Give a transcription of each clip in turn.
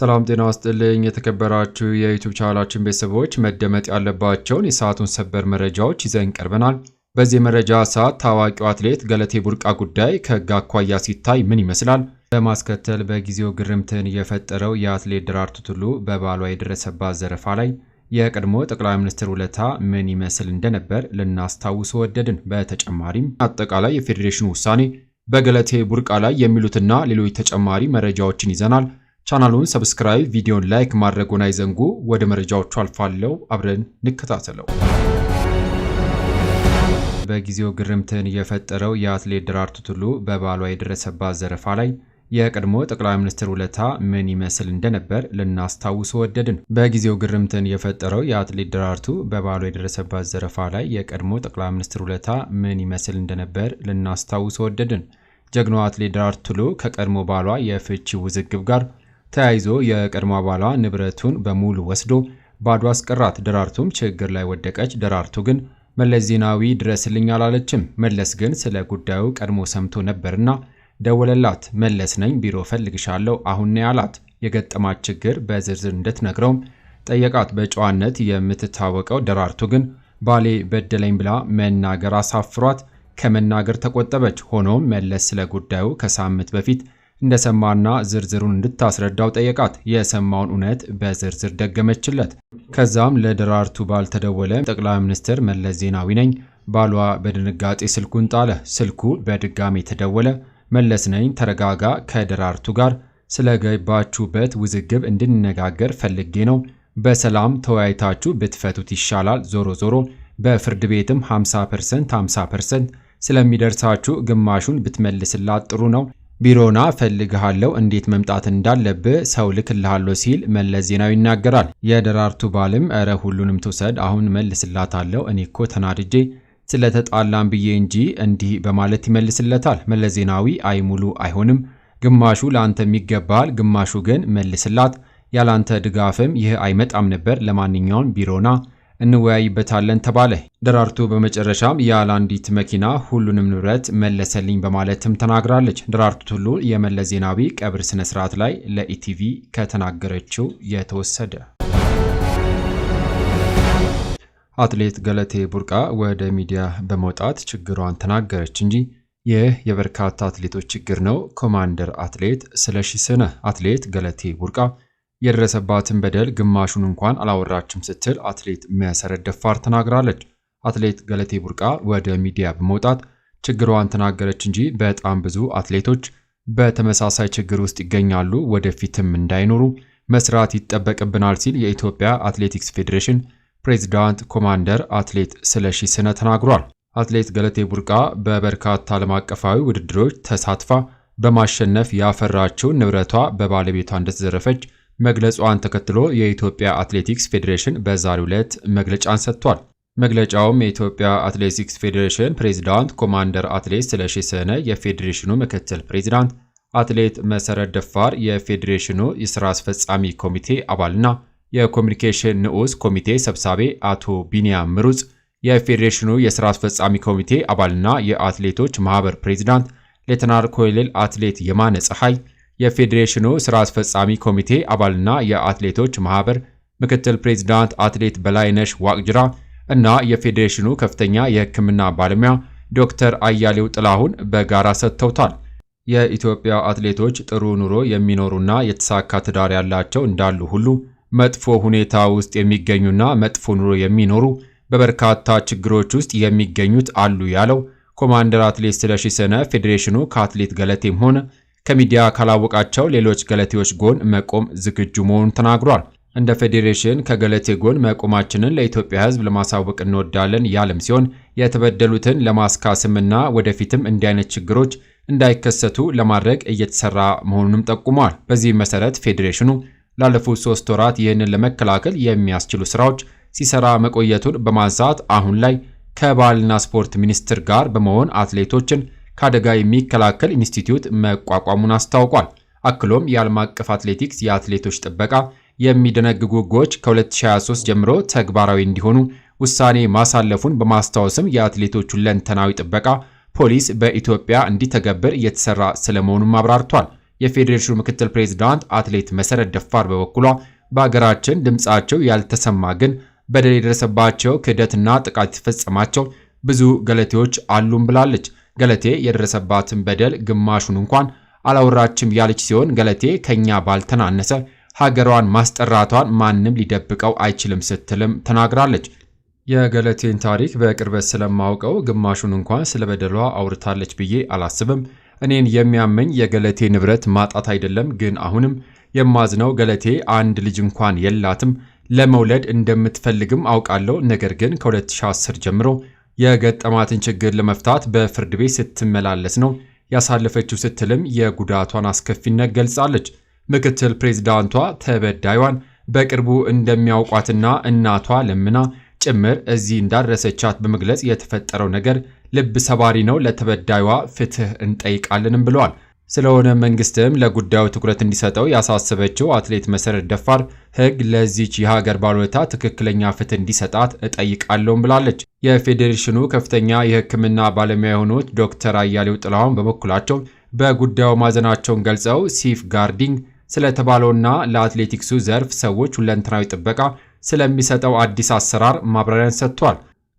ሰላም ጤና ይስጥልኝ። የተከበራችሁ የዩቱብ ቻናላችን ቤተሰቦች መደመጥ ያለባቸውን የሰዓቱን ሰበር መረጃዎች ይዘን ቀርበናል። በዚህ መረጃ ሰዓት ታዋቂው አትሌት ገለቴ ቡርቃ ጉዳይ ከህግ አኳያ ሲታይ ምን ይመስላል? በማስከተል በጊዜው ግርምትን የፈጠረው የአትሌት ደራርቱ ቱሉ በባሏ የደረሰባት ዘረፋ ላይ የቀድሞ ጠቅላይ ሚኒስትር ውለታ ምን ይመስል እንደነበር ልናስታውስ ወደድን። በተጨማሪም አጠቃላይ የፌዴሬሽኑ ውሳኔ በገለቴ ቡርቃ ላይ የሚሉትና ሌሎች ተጨማሪ መረጃዎችን ይዘናል። ቻናሉን ሰብስክራይብ፣ ቪዲዮን ላይክ ማድረጉን አይዘንጉ። ወደ መረጃዎቹ አልፋለሁ፣ አብረን እንከታተለው። በጊዜው ግርምትን የፈጠረው የአትሌት ደራርቱ ቱሉ በባሏ የደረሰባት ዘረፋ ላይ የቀድሞ ጠቅላይ ሚኒስትር ውለታ ምን ይመስል እንደነበር ልናስታውስ ወደድን። በጊዜው ግርምትን የፈጠረው የአትሌት ደራርቱ በባሏ የደረሰባት ዘረፋ ላይ የቀድሞ ጠቅላይ ሚኒስትር ውለታ ምን ይመስል እንደነበር ልናስታውስ ወደድን። ጀግኖ አትሌት ደራርቱ ቱሉ ከቀድሞ ባሏ የፍቺ ውዝግብ ጋር ተያይዞ የቀድሞ አባሏ ንብረቱን በሙሉ ወስዶ ባዶ አስቀራት። ደራርቱም ችግር ላይ ወደቀች። ደራርቱ ግን መለስ ዜናዊ ድረስልኝ አላለችም። መለስ ግን ስለ ጉዳዩ ቀድሞ ሰምቶ ነበርና ደወለላት። መለስ ነኝ፣ ቢሮ ፈልግሻለሁ፣ አሁን ነይ አላት። የገጠማት ችግር በዝርዝር እንድትነግረውም ጠየቃት። በጨዋነት የምትታወቀው ደራርቱ ግን ባሌ በደለኝ ብላ መናገር አሳፍሯት ከመናገር ተቆጠበች። ሆኖም መለስ ስለ ጉዳዩ ከሳምንት በፊት እንደሰማና ዝርዝሩን እንድታስረዳው ጠየቃት። የሰማውን እውነት በዝርዝር ደገመችለት። ከዛም ለደራርቱ ባል ተደወለ። ጠቅላይ ሚኒስትር መለስ ዜናዊ ነኝ። ባሏ በድንጋጤ ስልኩን ጣለ። ስልኩ በድጋሚ ተደወለ። መለስ ነኝ፣ ተረጋጋ። ከደራርቱ ጋር ስለገባችሁበት ውዝግብ እንድንነጋገር ፈልጌ ነው። በሰላም ተወያይታችሁ ብትፈቱት ይሻላል። ዞሮ ዞሮ በፍርድ ቤትም 50 ፐርሰንት 50 ፐርሰንት ስለሚደርሳችሁ ግማሹን ብትመልስላት ጥሩ ነው። ቢሮና እፈልግሃለሁ እንዴት መምጣት እንዳለብህ ሰው ልክልሃለሁ ሲል መለስ ዜናዊ ይናገራል። የደራርቱ ባልም እረ ሁሉንም ትውሰድ አሁን መልስላታለሁ እኔ እኮ ተናድጄ ስለተጣላን ብዬ እንጂ እንዲህ በማለት ይመልስለታል። መለስ ዜናዊ አይ ሙሉ አይሆንም፣ ግማሹ ለአንተ የሚገባል፣ ግማሹ ግን መልስላት፣ ያላንተ ድጋፍም ይህ አይመጣም ነበር። ለማንኛውም ቢሮና እንወያይበታለን ተባለ። ደራርቱ በመጨረሻም ያለ አንዲት መኪና ሁሉንም ንብረት መለሰልኝ በማለትም ተናግራለች። ደራርቱ ቱሉ የመለስ ዜናዊ ቀብር ስነስርዓት ላይ ለኢቲቪ ከተናገረችው የተወሰደ አትሌት ገለቴ ቡርቃ ወደ ሚዲያ በመውጣት ችግሯን ተናገረች እንጂ ይህ የበርካታ አትሌቶች ችግር ነው። ኮማንደር አትሌት ስለሺ ስነ አትሌት ገለቴ ቡርቃ የደረሰባትን በደል ግማሹን እንኳን አላወራችም ስትል አትሌት መሰረት ደፋር ተናግራለች። አትሌት ገለቴ ቡርቃ ወደ ሚዲያ በመውጣት ችግሯን ተናገረች እንጂ በጣም ብዙ አትሌቶች በተመሳሳይ ችግር ውስጥ ይገኛሉ፣ ወደፊትም እንዳይኖሩ መስራት ይጠበቅብናል ሲል የኢትዮጵያ አትሌቲክስ ፌዴሬሽን ፕሬዚዳንት ኮማንደር አትሌት ስለሺ ስነ ተናግሯል። አትሌት ገለቴ ቡርቃ በበርካታ ዓለም አቀፋዊ ውድድሮች ተሳትፋ በማሸነፍ ያፈራችው ንብረቷ በባለቤቷ እንደተዘረፈች መግለጿን ተከትሎ የኢትዮጵያ አትሌቲክስ ፌዴሬሽን በዛሬው ዕለት መግለጫን ሰጥቷል። መግለጫውም የኢትዮጵያ አትሌቲክስ ፌዴሬሽን ፕሬዚዳንት ኮማንደር አትሌት ስለሺ ስህነ፣ የፌዴሬሽኑ ምክትል ፕሬዚዳንት አትሌት መሰረት ደፋር፣ የፌዴሬሽኑ የሥራ አስፈጻሚ ኮሚቴ አባልና የኮሚኒኬሽን ንዑስ ኮሚቴ ሰብሳቢ አቶ ቢንያም ምሩጽ፣ የፌዴሬሽኑ የሥራ አስፈጻሚ ኮሚቴ አባልና የአትሌቶች ማኅበር ፕሬዚዳንት ሌተናል ኮሎኔል አትሌት የማነ ፀሐይ የፌዴሬሽኑ ስራ አስፈጻሚ ኮሚቴ አባልና የአትሌቶች ማህበር ምክትል ፕሬዚዳንት አትሌት በላይነሽ ዋቅጅራ እና የፌዴሬሽኑ ከፍተኛ የሕክምና ባለሙያ ዶክተር አያሌው ጥላሁን በጋራ ሰጥተውታል። የኢትዮጵያ አትሌቶች ጥሩ ኑሮ የሚኖሩና የተሳካ ትዳር ያላቸው እንዳሉ ሁሉ መጥፎ ሁኔታ ውስጥ የሚገኙና መጥፎ ኑሮ የሚኖሩ በበርካታ ችግሮች ውስጥ የሚገኙት አሉ ያለው ኮማንደር አትሌት ስለሺ ሰነ ፌዴሬሽኑ ከአትሌት ገለቴም ሆነ ከሚዲያ ካላወቃቸው ሌሎች ገለቴዎች ጎን መቆም ዝግጁ መሆኑን ተናግሯል። እንደ ፌዴሬሽን ከገለቴ ጎን መቆማችንን ለኢትዮጵያ ሕዝብ ለማሳወቅ እንወዳለን ያለም ሲሆን የተበደሉትን ለማስካስምና ወደፊትም እንዲህ አይነት ችግሮች እንዳይከሰቱ ለማድረግ እየተሰራ መሆኑንም ጠቁሟል። በዚህ መሰረት ፌዴሬሽኑ ላለፉት ሶስት ወራት ይህንን ለመከላከል የሚያስችሉ ስራዎች ሲሰራ መቆየቱን በማንሳት አሁን ላይ ከባህልና ስፖርት ሚኒስቴር ጋር በመሆን አትሌቶችን ከአደጋ የሚከላከል ኢንስቲትዩት መቋቋሙን አስታውቋል። አክሎም የዓለም አቀፍ አትሌቲክስ የአትሌቶች ጥበቃ የሚደነግጉ ሕጎች ከ2023 ጀምሮ ተግባራዊ እንዲሆኑ ውሳኔ ማሳለፉን በማስታወስም የአትሌቶቹን ለንተናዊ ጥበቃ ፖሊስ በኢትዮጵያ እንዲተገብር እየተሰራ ስለመሆኑም አብራርቷል። የፌዴሬሽኑ ምክትል ፕሬዝዳንት አትሌት መሰረት ደፋር በበኩሏ በአገራችን ድምፃቸው ያልተሰማ ግን በደል የደረሰባቸው ክህደትና ጥቃት የተፈጸማቸው ብዙ ገለቴዎች አሉም ብላለች። ገለቴ የደረሰባትን በደል ግማሹን እንኳን አላወራችም ያለች ሲሆን ገለቴ ከኛ ባልተናነሰ ሀገሯን ማስጠራቷን ማንም ሊደብቀው አይችልም ስትልም ተናግራለች። የገለቴን ታሪክ በቅርበት ስለማውቀው ግማሹን እንኳን ስለ በደሏ አውርታለች ብዬ አላስብም። እኔን የሚያመኝ የገለቴ ንብረት ማጣት አይደለም። ግን አሁንም የማዝነው ገለቴ አንድ ልጅ እንኳን የላትም። ለመውለድ እንደምትፈልግም አውቃለሁ። ነገር ግን ከ2010 ጀምሮ የገጠማትን ችግር ለመፍታት በፍርድ ቤት ስትመላለስ ነው ያሳለፈችው ስትልም የጉዳቷን አስከፊነት ገልጻለች። ምክትል ፕሬዝዳንቷ ተበዳይዋን በቅርቡ እንደሚያውቋትና እናቷ ለምና ጭምር እዚህ እንዳደረሰቻት በመግለጽ የተፈጠረው ነገር ልብ ሰባሪ ነው፣ ለተበዳይዋ ፍትህ እንጠይቃለንም ብለዋል። ስለሆነ መንግስትም ለጉዳዩ ትኩረት እንዲሰጠው ያሳሰበችው አትሌት መሰረት ደፋር ሕግ ለዚች የሀገር ባለውለታ ትክክለኛ ፍትህ እንዲሰጣት እጠይቃለሁም ብላለች። የፌዴሬሽኑ ከፍተኛ የሕክምና ባለሙያ የሆኑት ዶክተር አያሌው ጥላሁን በበኩላቸው በጉዳዩ ማዘናቸውን ገልጸው ሲፍ ጋርዲንግ ስለተባለውና ለአትሌቲክሱ ዘርፍ ሰዎች ሁለንተናዊ ጥበቃ ስለሚሰጠው አዲስ አሰራር ማብራሪያን ሰጥቷል።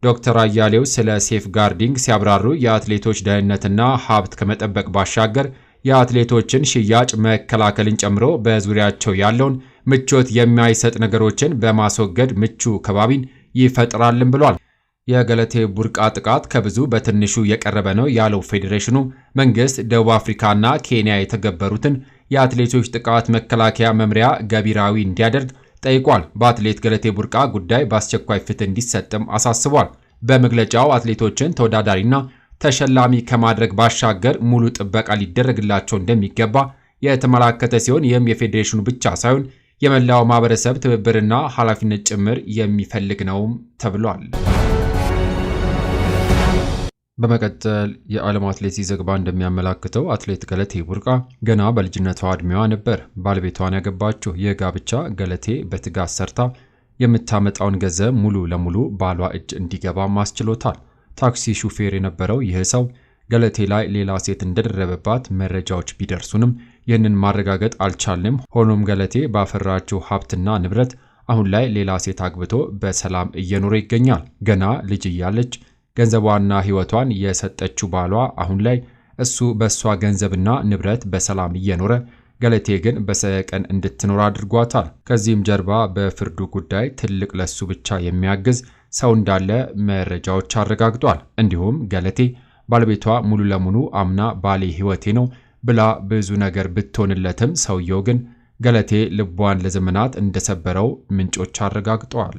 ዶክተር አያሌው ስለ ሴፍ ጋርዲንግ ሲያብራሩ የአትሌቶች ደህንነትና ሀብት ከመጠበቅ ባሻገር የአትሌቶችን ሽያጭ መከላከልን ጨምሮ በዙሪያቸው ያለውን ምቾት የማይሰጥ ነገሮችን በማስወገድ ምቹ ከባቢን ይፈጥራልን ብሏል። የገለቴ ቡርቃ ጥቃት ከብዙ በትንሹ የቀረበ ነው ያለው ፌዴሬሽኑ መንግስት ደቡብ አፍሪካና ኬንያ የተገበሩትን የአትሌቶች ጥቃት መከላከያ መምሪያ ገቢራዊ እንዲያደርግ ጠይቋል። በአትሌት ገለቴ ቡርቃ ጉዳይ በአስቸኳይ ፍትህ እንዲሰጥም አሳስቧል። በመግለጫው አትሌቶችን ተወዳዳሪና ተሸላሚ ከማድረግ ባሻገር ሙሉ ጥበቃ ሊደረግላቸው እንደሚገባ የተመላከተ ሲሆን ይህም የፌዴሬሽኑ ብቻ ሳይሆን የመላው ማህበረሰብ ትብብርና ኃላፊነት ጭምር የሚፈልግ ነውም ተብሏል። በመቀጠል የዓለም አትሌቲክስ ዘገባ እንደሚያመላክተው አትሌት ገለቴ ቡርቃ ገና በልጅነቷ ዕድሜዋ ነበር ባለቤቷን ያገባችው። ጋብቻ ገለቴ በትጋት ሰርታ የምታመጣውን ገንዘብ ሙሉ ለሙሉ ባሏ እጅ እንዲገባ ማስችሎታል። ታክሲ ሹፌር የነበረው ይህ ሰው ገለቴ ላይ ሌላ ሴት እንደደረበባት መረጃዎች ቢደርሱንም ይህንን ማረጋገጥ አልቻልንም። ሆኖም ገለቴ ባፈራችው ሀብትና ንብረት አሁን ላይ ሌላ ሴት አግብቶ በሰላም እየኖረ ይገኛል። ገና ልጅ እያለች ገንዘቧና ሕይወቷን የሰጠችው ባሏ አሁን ላይ እሱ በእሷ ገንዘብና ንብረት በሰላም እየኖረ ገለቴ ግን በሰቀን እንድትኖር አድርጓታል። ከዚህም ጀርባ በፍርዱ ጉዳይ ትልቅ ለሱ ብቻ የሚያግዝ ሰው እንዳለ መረጃዎች አረጋግጧል። እንዲሁም ገለቴ ባለቤቷ ሙሉ ለሙሉ አምና ባሌ ህይወቴ ነው ብላ ብዙ ነገር ብትሆንለትም ሰውየው ግን ገለቴ ልቧን ለዘመናት እንደሰበረው ምንጮች አረጋግጠዋል።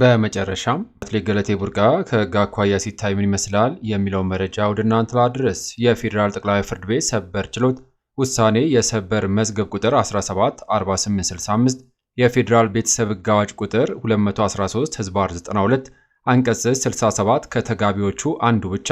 በመጨረሻም አትሌት ገለቴ ቡርቃ ከሕግ አኳያ ሲታይ ምን ይመስላል የሚለው መረጃ ወደ እናንተ ላድረስ። የፌዴራል ጠቅላይ ፍርድ ቤት ሰበር ችሎት ውሳኔ የሰበር መዝገብ ቁጥር 174865 የፌዴራል ቤተሰብ ሕግ አዋጅ ቁጥር 213 ህዝባር 92 አንቀጽ 67 ከተጋቢዎቹ አንዱ ብቻ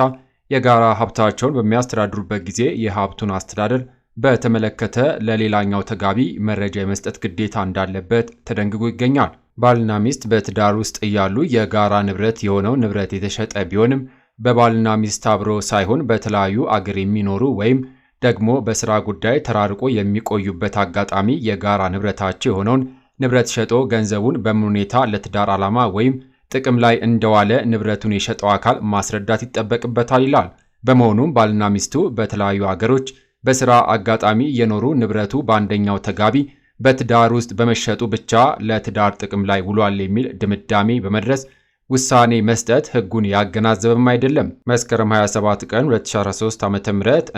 የጋራ ሀብታቸውን በሚያስተዳድሩበት ጊዜ የሀብቱን አስተዳደር በተመለከተ ለሌላኛው ተጋቢ መረጃ የመስጠት ግዴታ እንዳለበት ተደንግጎ ይገኛል። ባልና ሚስት በትዳር ውስጥ እያሉ የጋራ ንብረት የሆነው ንብረት የተሸጠ ቢሆንም በባልና ሚስት አብሮ ሳይሆን በተለያዩ አገር የሚኖሩ ወይም ደግሞ በስራ ጉዳይ ተራርቆ የሚቆዩበት አጋጣሚ የጋራ ንብረታቸው የሆነውን ንብረት ሸጦ ገንዘቡን በምን ሁኔታ ለትዳር ዓላማ ወይም ጥቅም ላይ እንደዋለ ንብረቱን የሸጠው አካል ማስረዳት ይጠበቅበታል ይላል። በመሆኑም ባልና ሚስቱ በተለያዩ አገሮች በሥራ አጋጣሚ የኖሩ ንብረቱ በአንደኛው ተጋቢ በትዳር ውስጥ በመሸጡ ብቻ ለትዳር ጥቅም ላይ ውሏል የሚል ድምዳሜ በመድረስ ውሳኔ መስጠት ሕጉን ያገናዘበም አይደለም። መስከረም 27 ቀን 2013 ዓ.ም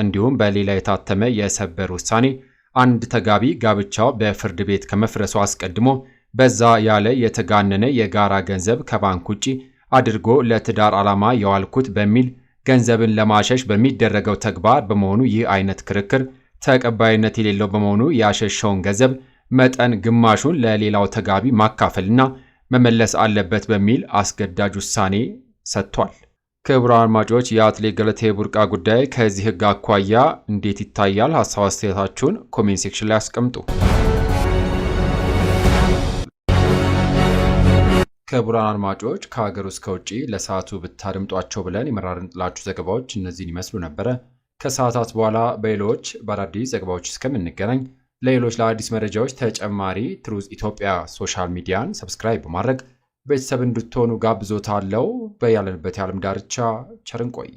እንዲሁም በሌላ የታተመ የሰበር ውሳኔ አንድ ተጋቢ ጋብቻው በፍርድ ቤት ከመፍረሱ አስቀድሞ በዛ ያለ የተጋነነ የጋራ ገንዘብ ከባንክ ውጪ አድርጎ ለትዳር ዓላማ የዋልኩት በሚል ገንዘብን ለማሸሽ በሚደረገው ተግባር በመሆኑ ይህ አይነት ክርክር ተቀባይነት የሌለው በመሆኑ ያሸሸውን ገንዘብ መጠን ግማሹን ለሌላው ተጋቢ ማካፈልና መመለስ አለበት በሚል አስገዳጅ ውሳኔ ሰጥቷል። ክቡራን አድማጮች የአትሌት ገለቴ ቡርቃ ጉዳይ ከዚህ ህግ አኳያ እንዴት ይታያል? ሀሳብ አስተያየታችሁን ኮሜንት ሴክሽን ላይ አስቀምጡ። ክቡራን አድማጮች ከሀገር ውስጥ ከውጭ ለሰዓቱ ብታደምጧቸው ብለን የመራርንላችሁ ዘገባዎች እነዚህን ይመስሉ ነበረ። ከሰዓታት በኋላ በሌሎች በአዳዲስ ዘገባዎች እስከምንገናኝ ለሌሎች ለአዲስ መረጃዎች ተጨማሪ ትሩዝ ኢትዮጵያ ሶሻል ሚዲያን ሰብስክራይብ በማድረግ ቤተሰብ እንድትሆኑ ጋብዞታለሁ። በያለንበት የዓለም ዳርቻ ቸርንቆይ